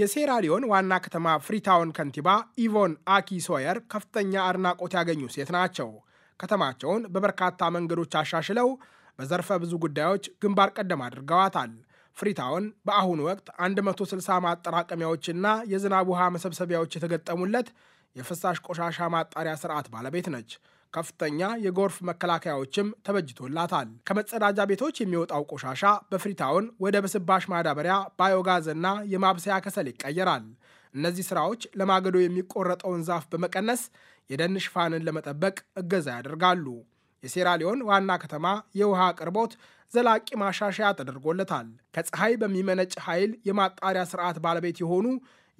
የሴራሊዮን ዋና ከተማ ፍሪታውን ከንቲባ ኢቮን አኪ ሶየር ከፍተኛ አድናቆት ያገኙ ሴት ናቸው። ከተማቸውን በበርካታ መንገዶች አሻሽለው በዘርፈ ብዙ ጉዳዮች ግንባር ቀደም አድርገዋታል። ፍሪታውን በአሁኑ ወቅት 160 ማጠራቀሚያዎችና የዝናብ ውሃ መሰብሰቢያዎች የተገጠሙለት የፍሳሽ ቆሻሻ ማጣሪያ ስርዓት ባለቤት ነች። ከፍተኛ የጎርፍ መከላከያዎችም ተበጅቶላታል። ከመጸዳጃ ቤቶች የሚወጣው ቆሻሻ በፍሪታውን ወደ ብስባሽ ማዳበሪያ፣ ና የማብሰያ ከሰል ይቀየራል። እነዚህ ስራዎች ለማገዶ የሚቆረጠውን ዛፍ በመቀነስ የደን ሽፋንን ለመጠበቅ እገዛ ያደርጋሉ። የሴራሊዮን ዋና ከተማ የውሃ አቅርቦት ዘላቂ ማሻሻያ ተደርጎለታል። ከፀሐይ በሚመነጭ ኃይል የማጣሪያ ስርዓት ባለቤት የሆኑ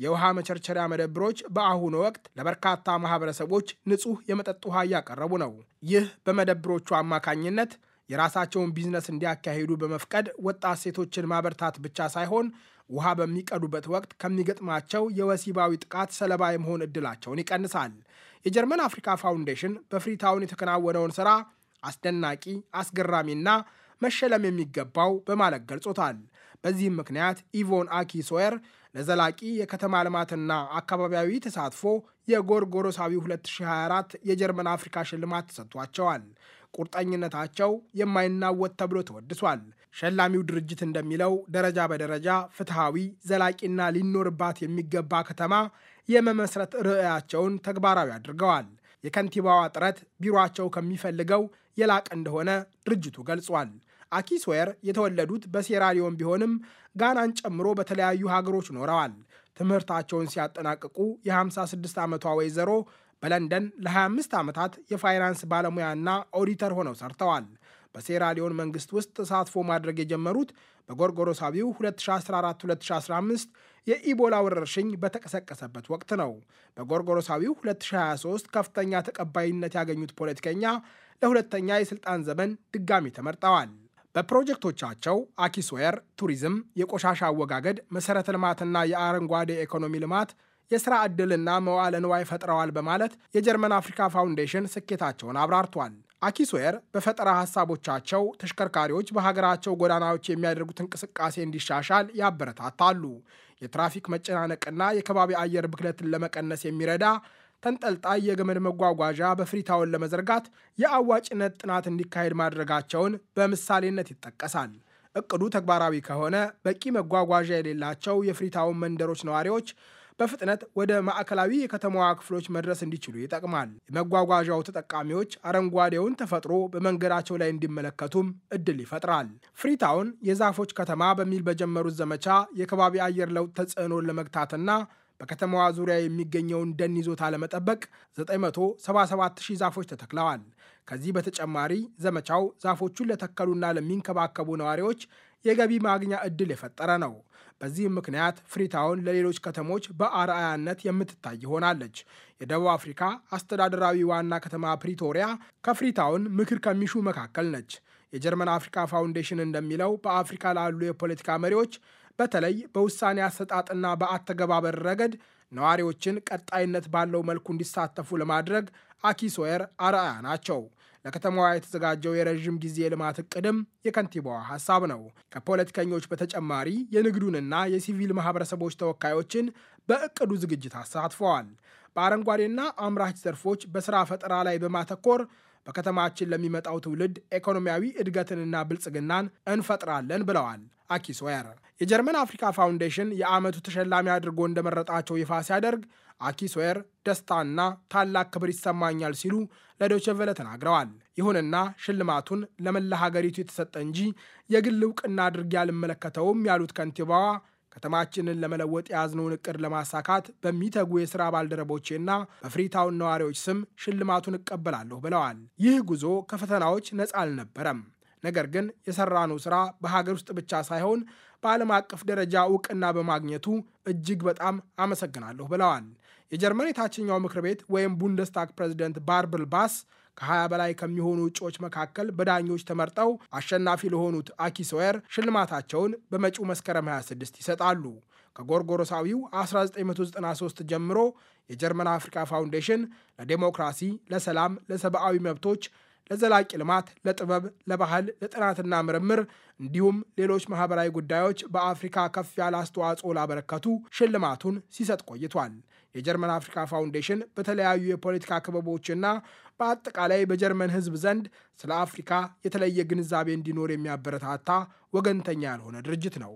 የውሃ መቸርቸሪያ መደብሮች በአሁኑ ወቅት ለበርካታ ማህበረሰቦች ንጹህ የመጠጥ ውሃ እያቀረቡ ነው። ይህ በመደብሮቹ አማካኝነት የራሳቸውን ቢዝነስ እንዲያካሄዱ በመፍቀድ ወጣት ሴቶችን ማበርታት ብቻ ሳይሆን ውሃ በሚቀዱበት ወቅት ከሚገጥማቸው የወሲባዊ ጥቃት ሰለባ የመሆን ዕድላቸውን ይቀንሳል። የጀርመን አፍሪካ ፋውንዴሽን በፍሪታውን የተከናወነውን ሥራ አስደናቂ፣ አስገራሚና መሸለም የሚገባው በማለት ገልጾታል። በዚህም ምክንያት ኢቮን አኪ ሶየር ለዘላቂ የከተማ ልማትና አካባቢያዊ ተሳትፎ የጎርጎሮሳዊ 2024 የጀርመን አፍሪካ ሽልማት ተሰጥቷቸዋል። ቁርጠኝነታቸው የማይናወጥ ተብሎ ተወድሷል። ሸላሚው ድርጅት እንደሚለው ደረጃ በደረጃ ፍትሐዊ፣ ዘላቂና ሊኖርባት የሚገባ ከተማ የመመስረት ርዕያቸውን ተግባራዊ አድርገዋል። የከንቲባዋ ጥረት ቢሮቸው ከሚፈልገው የላቀ እንደሆነ ድርጅቱ ገልጿል። አኪስዌር የተወለዱት በሴራሊዮን ቢሆንም ጋናን ጨምሮ በተለያዩ ሀገሮች ኖረዋል። ትምህርታቸውን ሲያጠናቅቁ የ56 ዓመቷ ወይዘሮ በለንደን ለ25 ዓመታት የፋይናንስ ባለሙያና ኦዲተር ሆነው ሰርተዋል። በሴራሊዮን መንግስት ውስጥ ተሳትፎ ማድረግ የጀመሩት በጎርጎሮሳቢው 2014-2015 የኢቦላ ወረርሽኝ በተቀሰቀሰበት ወቅት ነው። በጎርጎሮሳቢው 2023 ከፍተኛ ተቀባይነት ያገኙት ፖለቲከኛ ለሁለተኛ የሥልጣን ዘመን ድጋሚ ተመርጠዋል። በፕሮጀክቶቻቸው አኪስዌር፣ ቱሪዝም፣ የቆሻሻ አወጋገድ፣ መሠረተ ልማትና የአረንጓዴ ኢኮኖሚ ልማት የሥራ ዕድልና መዋዕለ ንዋይ ፈጥረዋል በማለት የጀርመን አፍሪካ ፋውንዴሽን ስኬታቸውን አብራርቷል። አኪስዌር በፈጠራ ሐሳቦቻቸው ተሽከርካሪዎች በሀገራቸው ጎዳናዎች የሚያደርጉት እንቅስቃሴ እንዲሻሻል ያበረታታሉ። የትራፊክ መጨናነቅና የከባቢ አየር ብክለትን ለመቀነስ የሚረዳ ተንጠልጣይ የገመድ መጓጓዣ በፍሪታውን ለመዘርጋት የአዋጭነት ጥናት እንዲካሄድ ማድረጋቸውን በምሳሌነት ይጠቀሳል። እቅዱ ተግባራዊ ከሆነ በቂ መጓጓዣ የሌላቸው የፍሪታውን መንደሮች ነዋሪዎች በፍጥነት ወደ ማዕከላዊ የከተማዋ ክፍሎች መድረስ እንዲችሉ ይጠቅማል። የመጓጓዣው ተጠቃሚዎች አረንጓዴውን ተፈጥሮ በመንገዳቸው ላይ እንዲመለከቱም እድል ይፈጥራል። ፍሪታውን የዛፎች ከተማ በሚል በጀመሩት ዘመቻ የከባቢ አየር ለውጥ ተጽዕኖን ለመግታትና በከተማዋ ዙሪያ የሚገኘውን ደን ይዞታ ለመጠበቅ 977 ዛፎች ተተክለዋል። ከዚህ በተጨማሪ ዘመቻው ዛፎቹን ለተከሉና ለሚንከባከቡ ነዋሪዎች የገቢ ማግኛ ዕድል የፈጠረ ነው። በዚህም ምክንያት ፍሪታውን ለሌሎች ከተሞች በአርአያነት የምትታይ ሆናለች። የደቡብ አፍሪካ አስተዳደራዊ ዋና ከተማ ፕሪቶሪያ ከፍሪታውን ምክር ከሚሹ መካከል ነች። የጀርመን አፍሪካ ፋውንዴሽን እንደሚለው በአፍሪካ ላሉ የፖለቲካ መሪዎች በተለይ በውሳኔ አሰጣጥና በአተገባበር ረገድ ነዋሪዎችን ቀጣይነት ባለው መልኩ እንዲሳተፉ ለማድረግ አኪሶየር አርአያ ናቸው። ለከተማዋ የተዘጋጀው የረዥም ጊዜ ልማት እቅድም የከንቲባዋ ሀሳብ ነው። ከፖለቲከኞች በተጨማሪ የንግዱንና የሲቪል ማህበረሰቦች ተወካዮችን በእቅዱ ዝግጅት አሳትፈዋል። በአረንጓዴና አምራች ዘርፎች በስራ ፈጠራ ላይ በማተኮር በከተማችን ለሚመጣው ትውልድ ኢኮኖሚያዊ እድገትንና ብልጽግናን እንፈጥራለን ብለዋል አኪስ የጀርመን አፍሪካ ፋውንዴሽን የዓመቱ ተሸላሚ አድርጎ እንደመረጣቸው ይፋ ሲያደርግ አኪስ ደስታና ታላቅ ክብር ይሰማኛል ሲሉ ለዶችቨለ ተናግረዋል። ይሁንና ሽልማቱን ለመላ ሀገሪቱ የተሰጠ እንጂ የግል እውቅና አድርጌ አልመለከተውም ያሉት ከንቲባዋ ከተማችንን ለመለወጥ የያዝነውን እቅድ ለማሳካት በሚተጉ የሥራ ባልደረቦቼና በፍሪታውን ነዋሪዎች ስም ሽልማቱን እቀበላለሁ ብለዋል። ይህ ጉዞ ከፈተናዎች ነፃ አልነበረም። ነገር ግን የሰራነው ስራ በሀገር ውስጥ ብቻ ሳይሆን በዓለም አቀፍ ደረጃ እውቅና በማግኘቱ እጅግ በጣም አመሰግናለሁ ብለዋል። የጀርመን የታችኛው ምክር ቤት ወይም ቡንደስታግ ፕሬዚደንት ባርብል ባስ ከ20 በላይ ከሚሆኑ እጩዎች መካከል በዳኞች ተመርጠው አሸናፊ ለሆኑት አኪሶየር ሽልማታቸውን በመጪው መስከረም 26 ይሰጣሉ። ከጎርጎሮሳዊው 1993 ጀምሮ የጀርመን አፍሪካ ፋውንዴሽን ለዴሞክራሲ፣ ለሰላም፣ ለሰብአዊ መብቶች ለዘላቂ ልማት፣ ለጥበብ፣ ለባህል፣ ለጥናትና ምርምር እንዲሁም ሌሎች ማህበራዊ ጉዳዮች በአፍሪካ ከፍ ያለ አስተዋጽኦ ላበረከቱ ሽልማቱን ሲሰጥ ቆይቷል። የጀርመን አፍሪካ ፋውንዴሽን በተለያዩ የፖለቲካ ክበቦችና በአጠቃላይ በጀርመን ሕዝብ ዘንድ ስለ አፍሪካ የተለየ ግንዛቤ እንዲኖር የሚያበረታታ ወገንተኛ ያልሆነ ድርጅት ነው።